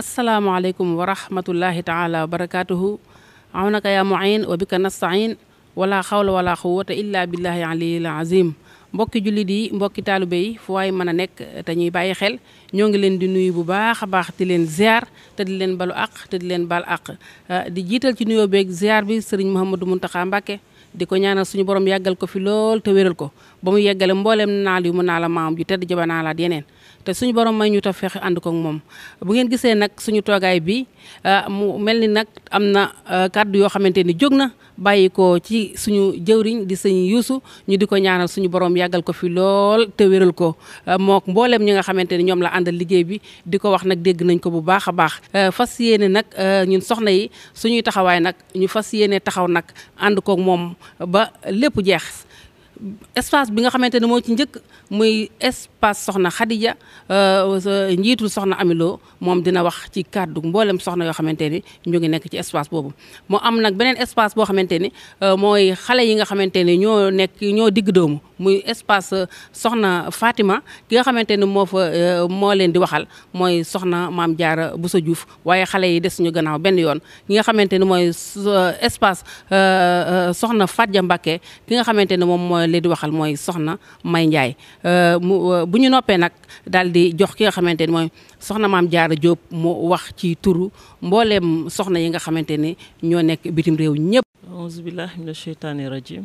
asalaamaaleykum wa rahmatullahi taala wa barakaatuhu awnaka yaa muin wa bika nastain wala xawla wala xuwata illa billahi aliyil azim mbokki jullit yi mbokki taalu yi fu waay mën a nekk te ñuy bàyyi xel ñoo ngi leen di nuyu bu baax a baax di leen ziar te di leen balu àq te di leen bal àq ah, di jiital ci nuyoo beeg ziar bi sëriñ Mouhamadou Mountakha Mbacké di ko ñaanal suñu borom yàggal ko fi lool te wéral ko ba mu yeggale mbooleem naal mu naa la maam ju tedd jaba naa te suñu borom may ñu ta fexe ànd koog moom bu ngeen gisee nag suñu toogaay bi ah, mu mel ni nag am na ah, kàddu yoo xamante ni jóg na bàyyi ko ci suñu jëwriñ di sëñ Yuusu ñu di ko ñaanal suñu borom yàggal ko fi lool te wéral ko ah, mook mboolem ñi nga xamante ni ñoom la àndal liggéey bi di ko wax nag dégg nañ ko bu baax a baax fas yéene nag ñun soxna yi suñuy taxawaay nag ñu fas yéene taxaw nag ànd koog moom ba lépp jeex espace bi nga xamante ne moo ci njëkk muy espace soxna Khadija euh, njiitul soxna amiloo moom dina wax ci kàddu mboolem soxna yoo xamante ni ñu nekk ci espace boobu moo am nag beneen espace boo xamante ni euh, mooy xale yi nga xamante ni ñoo nekk ñoo digg doomu muy espace euh, soxna Fatima ki nga xamante ni moo moo leen di waxal mooy soxna maam Jaara Bousso Diouf waaye xale yi des ñu gannaaw benn yoon ki nga xamante ni mooy espace soxna Fadja Mbacké ki nga xamante moom mooy li waxal mooy soxna May Ndiaye euh, mu euh, bu ñu noppee nag daal di jox ki nga xamante ni mooy soxna maam Diarra Diop mu wax ci turu mbooleem soxna yi nga xamante ni ñoo nekk bitim réew ñëpp. auzu billahi mina sheytaani rajim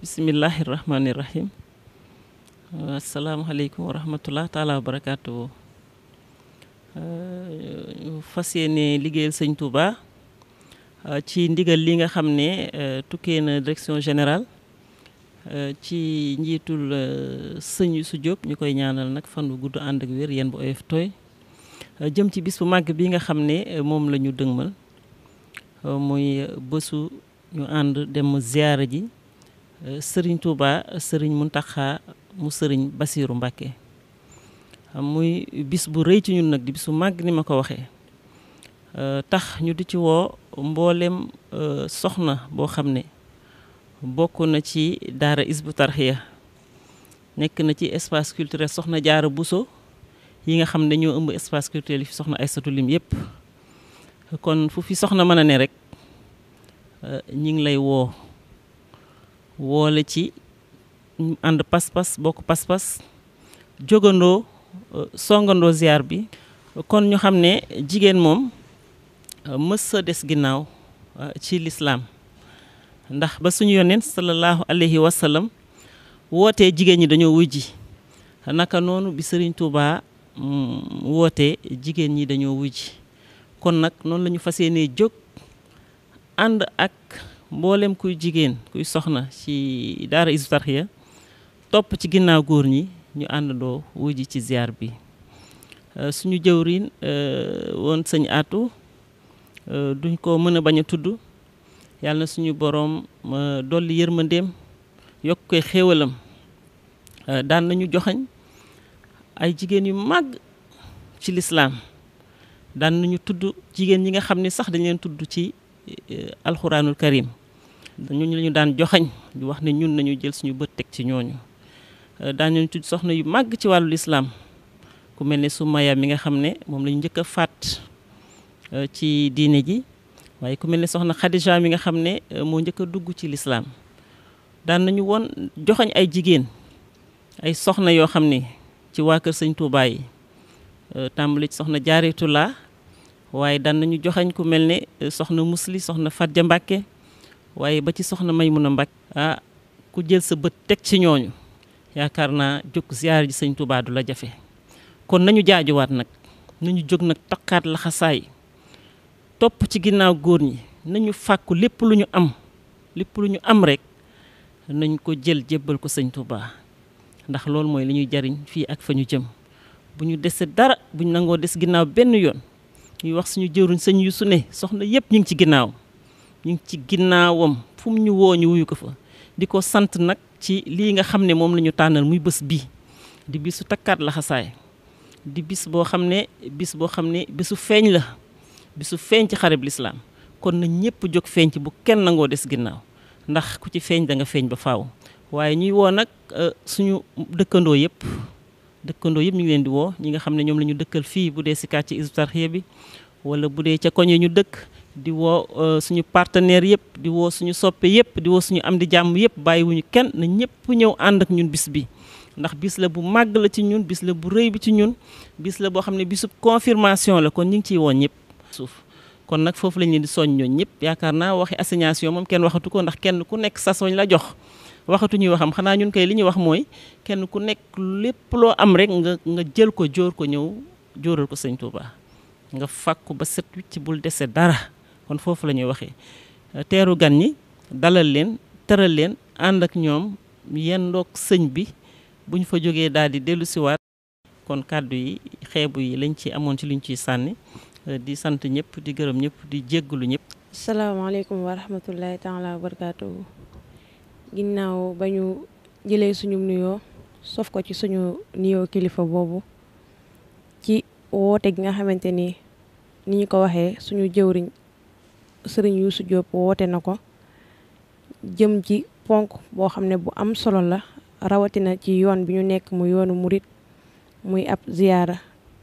bismillahi rahmaani rahim asalaamaaleykum wa rahmatullah taala barakaatu. Euh, fas yéene liggéeyal sëñ Touba ci ndigal li nga xam ne tukkee na direction général Euh, ci njiitul euh, sëñ su Diop ñu koy ñaanal nag fan wu gudd ànd ak wér yéen bu oyof tooy euh, jëm ci bis bu màgg bi nga xam ne moom lañu ñu muy bésu ñu ànd dem ziyaara ji sëriñ Touba sëriñ Mountakha mu sëriñ basiiru Mbacké muy bis bu rëy ci ñun nag di bis bu màgg ni ma ko waxee tax ñu di ci woo mbooleem soxna boo xam ne bokk na ci daara isbu tarxiya nekk na ci espace culturel soxna jaara buso yi nga xam ne ñoo ëmb espace culturel yi fi soxna ay satu lim yëpp kon fu fi soxna mën a ne rek euh, ñi ngi lay woo woole ci ànd pas-pas bokk pas-pas jógandoo euh, songandoo ziar bi kon ñu xam ne jigéen moom euh, mës sa des ginnaaw ci lislaam ndax ba suñu yoneen sallallahu alayhi wa sallam wootee jigéen ñi dañoo wuy ji naka noonu bi sëriñ Touba mm, wootee jigéen ñi dañoo wuy ji kon nag noonu lañu ñu fas yéenee jóg ànd ak mboolem kuy jigéen kuy soxna ci daara Hizbut Tarqiyyah topp ci ginnaaw góor ñi ñu àndandoo wuy ji ci ziar bi euh, suñu jëwriñ euh, woon sëñ Atou euh, duñ ko mën a bañ a tudd yàlla suñu boroom dolli yërmandeem yokk koy xéewalam euh, daan nañu joxañ ay jigéen yu màgg ci lislaam daan nañu tudd jigéen ñi nga xam ni sax dañ leen tudd ci euh, alxuraanul karim ñooñu la ñu daan joxañ ñu wax ne ñun nañu jël suñu bët teg ci ñooñu euh, daan nañu tudd soxna yu màgg ci wàllu lislaam ku mel ne Sumaya mi nga xam ne moom la njëkk a faat ci diine ji waaye ku mel ne soxna Khadija mi nga xam ne euh, moo njëkk a dugg ci lislaam daan nañu woon joxañ ay jigéen ay soxna yoo xam ne ci waa kër sëñ Touba yi euh, tàmbali ci soxna Jaaretulaa waaye daan nañu joxañ ku mel ni euh, soxna Musli soxna Fatja Mbàkke waaye ba ci soxna Maymuna Mbàkke ah ku jël sa bët teg ci ñooñu yaakaar naa jóg ziyaar ji sëñ Touba du la jafe kon nañu jaajuwaat nag nañu jóg nag takkaat laxasaay topp ci ginnaaw góor ñi nañu fàkku lépp lu ñu am lépp lu ñu am rek nañ ko jël jébbal ko sëñ Touba ndax loolu mooy li ñuy jariñ fii ak fa ñu jëm bu ñu desee dara bu nangoo des ginnaaw benn yoon ñuy wax suñu jëruñ sëñ yu su ne soxna yëpp ñu ngi ci ginnaaw ñu ngi ci ginnaawam fu ñu woo ñu wuyu ko fa di ko sant nag ci lii nga xam ne moom la ñu tànnal muy bés bi di bisu takkaat laxasaay di bis boo xam ne bis boo xam ne bisu feeñ la bisu feeñ ci xarib lislaam kon na ñëpp jóg feeñ ci bu kenn nangoo des ginnaaw ndax ku ci feeñ da nga feeñ ba faw waaye ñuy woo nag euh, suñu dëkkandoo yëpp dëkkandoo yëpp ñu ngi leen di woo ñi nga xam ne ñoom la ñu dëkkal fii bu dee si kàcc ci isbitarxiya bi wala bu dee ca koñ yi ñu dëkk di woo euh, suñu partenaire yëpp di woo suñu soppee yëpp di woo suñu am di jàmm yëpp bàyyiwuñu kenn na ñëpp ñëw ànd ak ñun bis bi ndax bis la bu màgg la ci ñun bis la bu rëy bi ci ñun bis la boo xam ne bisub confirmation la kon ñu ngi ciy woon ñëpp suuf kon nag foofu lañ leen di soññoo ñëpp yaakaar naa waxi assignation moom kenn waxatu ko ndax kenn ku nekk sa soñ la jox waxatu ñuy waxam xanaa ñun kay li ñuy wax mooy kenn ku nekk lépp loo am rek nga nga jël ko jóor ko ñëw jóoral ko sëñ Touba nga fàkku ba set wicc bul dese dara kon foofu lañuy ñuy waxee teeru gan ñi dalal leen tëral leen ànd ak ñoom yenn yendoog sëñ bi bu ñu fa jógee daal di dellu siwaat kon kàddu yi xeebu yi lañ ci amoon ci liñ ciy sànni Euh, di sant ñëpp di gërëm ñëpp di jéggalu ñëpp. salaamaaleykum wa rahmatullahi taala wa barakaatuhu ginnaaw ba ñu jëlee suñu nuyoo sof ko ci suñu nuyoo kilifa boobu ci woote gi nga xamante ni ni ñu ko waxee suñu jëwriñ sëriñ Youssou Diop woote na ko jëm ci ponk boo xam ne bu am solo la rawatina ci yoon bi ñu nekk mu yoonu murit muy ab ziyaara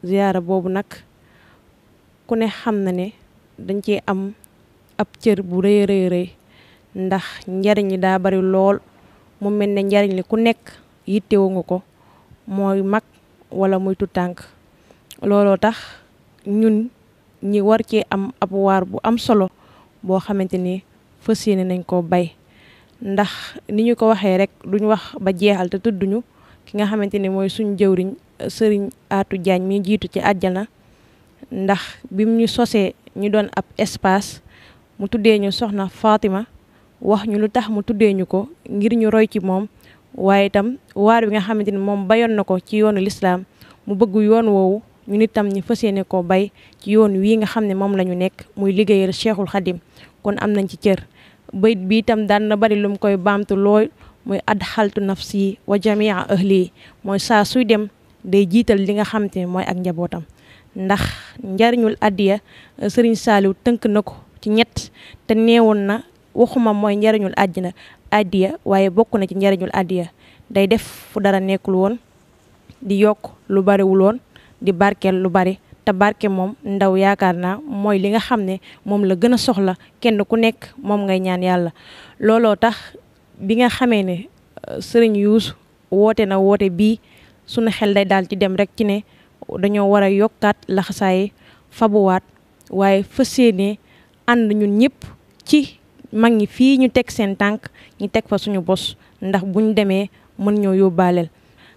ziyaara boobu nag. ku ne xam na ne dañ cee am ab cër bu rëy rëy rëy ndax njariñ li daa bari lool mu mel ne njariñ li ku nekk yittewu nga ko mooy mag wala muy tànk looloo tax ñun ñi war ci am ab waar bu am solo boo xamante ni fas yéene nañ koo bay ndax ni ñu ko waxee rek duñ wax ba jeexal te tudduñu ki nga xamante ni mooy suñ jëwriñ sëriñ Aatu Jaañ mi jiitu ci àjjana ndax bi mu ñu sosee ñu doon ab espace mu tuddee ñu soxna Fatima wax ñu lu tax mu tuddee ñu ko ngir ñu roy ci moom waaye itam waar wi nga xamante ni moom bayoon na ko ci yoonu lislaam mu bëgg yoon woowu ñu nit tam ñu fas yéene ko bay ci yoon wii nga xam ne moom la ñu nekk muy liggéeyal Cheikhul Khadim kon am nañ ci cër bayit bi itam daan na bari lu koy baamtu looy muy adxaltu nafsi wa jamia ahli mooy saa suy dem day jiital li nga xamante ni mooy ak njabootam ndax njariñul addiya eh, sëriñ saaliw tënk na ko ci ñett te neewoon na waxuma mooy njariñul àddina addiya waaye bokk na ci njariñul addiya day def fu dara nekkul woon di yokk lu bariwul woon di barkeel lu bari te barke moom ndaw yaakaar naa mooy li nga xam ne moom la gën a soxla kenn ku nekk moom ngay ñaan yàlla looloo tax bi nga xamee ne eh, sëriñ Youssou woote na woote bii su sunu xel day daal ci dem rek ci ne dañoo war a yokkaat laxasaay fabuwaat waaye fas yéene ànd ñun ñëpp ci mag ñi fii ñu teg seen tànk ñu teg fa suñu bos ndax buñ demee mën ñoo yóbbaaleel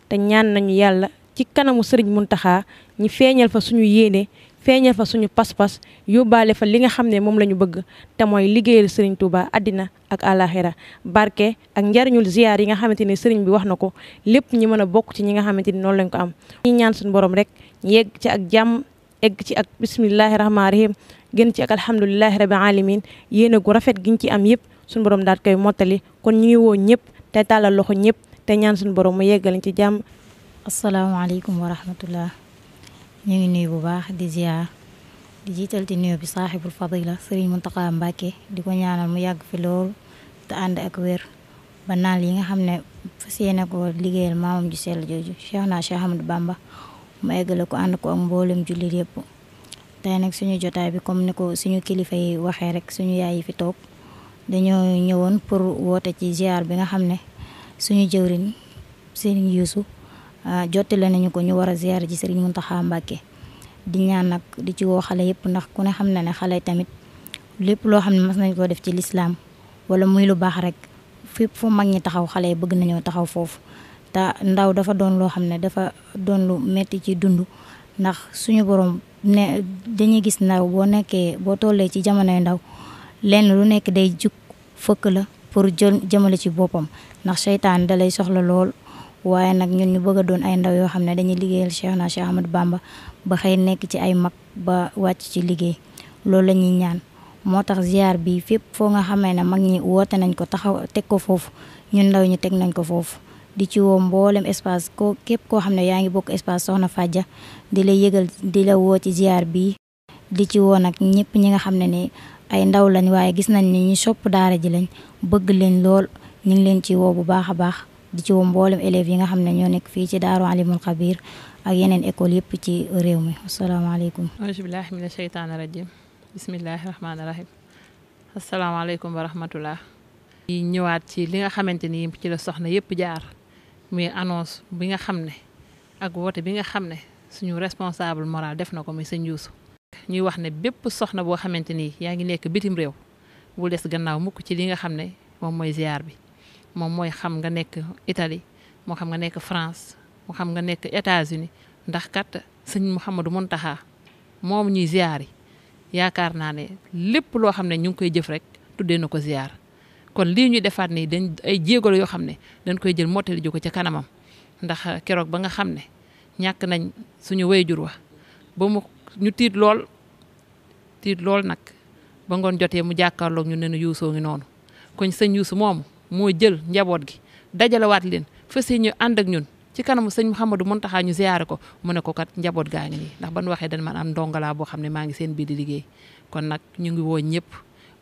te ñaan nañu yàlla ci kanamu sëriñ Muntaxa ñi feeñal fa suñu yéene feeñal fa suñu pas-pas yóbbaale fa li nga xam ne moom la ñu bëgg te mooy liggéeyal Serigne Touba àddina ak àllaaxira barke ak njariñul ziyaar yi nga xamante ne Serigne bi wax na ko lépp ñi mën a bokk ci ñi nga xamante ni noonu lañ ko am. ñi ñaan suñu borom rek ñu yegg ci ak jàmm egg ci ak bismillahi rahmaani rahim gën ci ak alhamdulilahi rabi alamin yéene gu rafet giñ ci am yëpp suñu borom daal koy mottali kon ñu woo ñëpp te tàllal loxo ñëpp te ñaan suñu borom mu yeggalañ ci jàmm. asalaamaaleykum wa rahmatullah ñu ngi nuyu bu baax di ziar di jiital ci nuyu bi saaxibul fadila sëriñ Muntaxa Mbàkke di ko ñaanal mu yàgg fi lool te ànd ak wér ba naal yi nga xam ne fas yéene ko liggéeyal maamam ju sell jooju Cheikh naa Cheikh Ahmadou Bamba mu eggale ko ànd ko ak ju jullit yëpp tey nag suñu jotaay bi comme ni ko suñu kilifa yi waxee rek suñu yaay yi fi toog dañoo ñëwoon pour woote ci ziar bi nga xam ne suñu jëwriñ Serigne Youssou Ah, jottale nañu ko ñu war a ziyaare ci Serigne mun Mbacké di ñaan nag di ci woo xale yëpp ndax ku ne xam na ne xale tamit lépp loo xam ne mas nañ koo def ci lislaam wala muy lu baax rek fépp fu mag ñi taxaw xale yi bëgg nañoo taxaw foofu te ndaw dafa doon loo xam ne dafa doon lu metti ci dund ndax suñu borom ne dañuy gis ndaw boo nekkee boo tollee ci jamonoy ndaw lenn lu nekk day jug fëkk la pour jël jëmale ci boppam ndax seytaan dalay soxla lool waaye nag ñun ñu bëgg a doon ay ndaw yoo xam ne dañuy liggéeyal Cheikh na Cheikh Ahmadou Bamba ba xëy nekk ci ay mag ba wàcc ci liggéey loolu lañu ñaan moo tax ziar bi fépp foo nga xam ne mag ñi woote nañ ko taxaw teg ko foofu ñun ndaw ñi teg nañ ko foofu di ci woo mboolem espace ko képp koo xam ne yaa ngi bokk espace soxna fajja di la yëgal di la woo ci ziar bi di ci woo nag ñëpp ñi nga xam ne ni ay ndaw lañ waaye gis nañ ni ñu sopp daara ji lañ bëgg leen lool ñu leen ci woo bu baax a baax di ci woo mboolem élèves yi nga xam ne ñoo nekk fii ci daaru alimul xabir ak yeneen école yëpp ci réew mi asalaamaaleykum ajubilahi mina sheytaani rajim bismillahi rahmaani rahim asalaamaaleykum wa rahmatullah yi ñëwaat ci li nga xamante ni ci la soxna yëpp jaar muy annonce bi nga xam ne ak woote bi nga xam ne suñu responsable moral def na ko muy sa njuusu ñuy wax ne bépp soxna boo xamante ni yaa ngi nekk bitim réew bu des gannaaw mukk ci li nga xam ne moom mooy ziar bi moom mooy xam nga nekk Italie moo xam nga nekk France moo xam nga nekk États-Unis ndax kat sëñ Mouhamadou Mountakha moom ñuy ziar yi yaakaar naa ne lépp loo xam ne ñu ngi koy jëf rek tuddee na ko ziar kon lii ñuy defaat nii dañ ay jéego yoo xam ne dañ koy jël mottali ji ko ca kanamam ndax keroog ba nga xam ne ñàkk nañ suñu wayjur wa ba mu ñu tiit lool tiit lool nag ba ngoon jotee mu jàkkaarloog ñu ne nu yuusoo ngi noonu koñ sëñ yuusu moomu moo jël njaboot gi dajalewaat leen fas ñu ànd ak ñun ci kanamu sëñ Mouhamadou Mountakha ñu ziyaare ko mu ne ko kat njaboot gaa ngi nii ndax ban waxee dañ man am ndongalaa boo xam ne maa ngi seen biir di liggéey kon nag ñu ngi woo ñëpp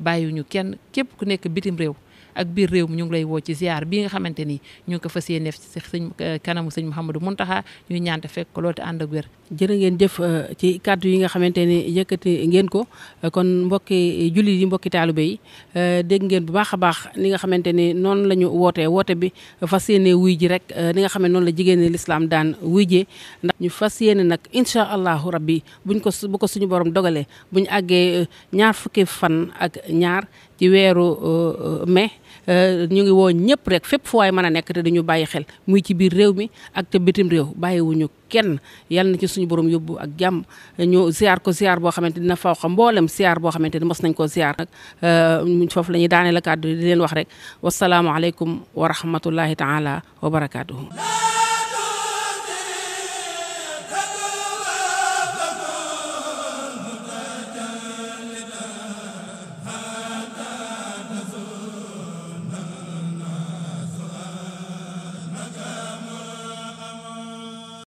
bàyyiwuñu kenn képp ku nekk bitim réew ak biir réew mi ñu ngi lay woo ci ziar bii nga xamante ni ñu ngi ko fas yéene def ci sëñ kanamu sëñ mun Mountakha ñu ñaanta fekk ko loolu te ànd ak jërë ngeen jëf euh, ci kàddu yi nga xamante ne yëkkati ngeen ko euh, kon mbokki jullit yi mbokki taalibe yi euh, dégg ngeen bu baax a baax li nga xamante ne noonu la ñu wootee woote bi fas yéene wuy ji rek ni nga xam noonu la jigéen lislaam daan wuy ndax ñu fas yéene nag incha allahu rabbi buñ ko bu ko suñu borom dogalee buñ àggee ñaar fukki fan ak ñaar ci weeru mai ñu ngi woo ñëpp rek fépp fu waay mën a nekk dañu bàyyi xel muy ci biir réew mi ak ca bitim réew bàyyiwuñu kenn yal na ci suñu borom yóbbu ak jàmm ñu ziar ko ziar boo xamante dina faw xam mboolem ziar boo xamante ni mos nañ koo ziar nag euh, foofu la ñuy daanee la kàddu di leen wax rek wasalaamualeykum wa rahmatullahi taala wa barakaatuhu